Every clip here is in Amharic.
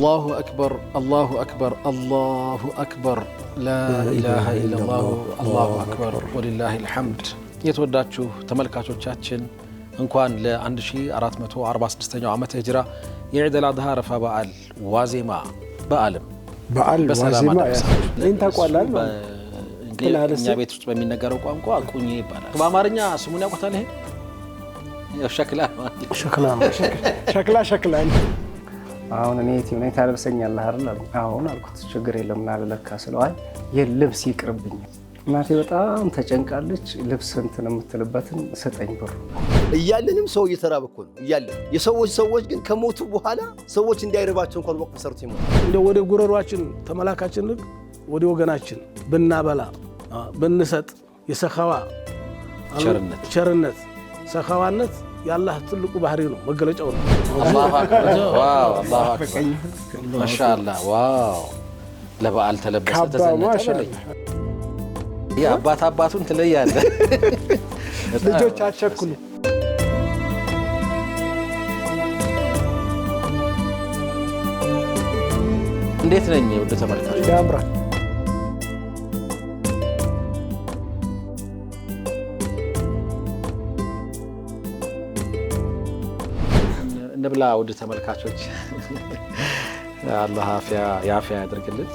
አላሁ አክበር አላሁ አክበር አላሁ አክበር ላኢላሃ ኢለላሁ አላሁ አክበር ወሊላሂል ሐምድ። የተወዳችሁ ተመልካቾቻችን እንኳን ለ1446ኛው ዓመተ ሂጅራ የዒደል አድሃ አረፋ በዓል ዋዜማ በዓለም በዓል ዋዜማ ቤት ውስጥ በሚነገረው ቋንቋ ቁኝ ይባላል። በአማርኛ ስሙን ያውቁታል። ይሄ ሸክላ ሸክላ አሁን እኔ ቲ ሁኔታ ታለብሰኛለህ አይደል አለኝ። አሁን አልኩት ችግር የለም ና ልለካ ስለው የልብስ ይቅርብኝ እናቴ በጣም ተጨንቃለች። ልብስ እንትን የምትልበትን ስጠኝ ብሩ እያለንም ሰው እየተራበ እኮ ነው እያለን የሰዎች ሰዎች ግን ከሞቱ በኋላ ሰዎች እንዳይርባቸው እንኳን ወቅፍ ሰርቶ ይሞ እንደ ወደ ጉረሯችን ተመላካችን ልብ ወደ ወገናችን ብናበላ ብንሰጥ የሰኸዋ ቸርነት ሰኸዋነት የአላህ ትልቁ ባህሪ ነው፣ መገለጫው ነው። ማሻአላህ ዋው! ለበዓል ተለበሰ ተዘነጠ። አባት አባቱን ትለያለ። ልጆች አትቸኩሉ። እንዴት ነኝ ውድ ተመልካች? ያምራል እንብላ። ውድ ተመልካቾች አላህ የአፍያ ያድርግልን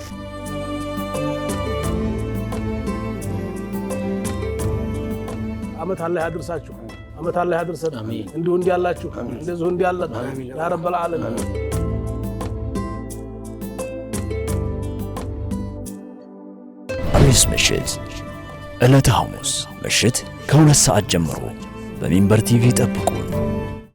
አመት አላህ ያድርሳችሁ። አመት አላህ ያድርሰን። እንዲሁ እንዲህ ያላችሁ እንደዚሁ እንዲህ ያለን ያ ምሽት ዕለተ ሐሙስ ምሽት ከሁለት ሰዓት ጀምሮ በሚንበር ቲቪ ጠብቁ።